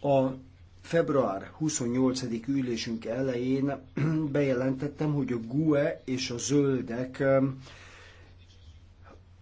A február 28. ülésünk elején bejelentettem, hogy a GUE és a zöldek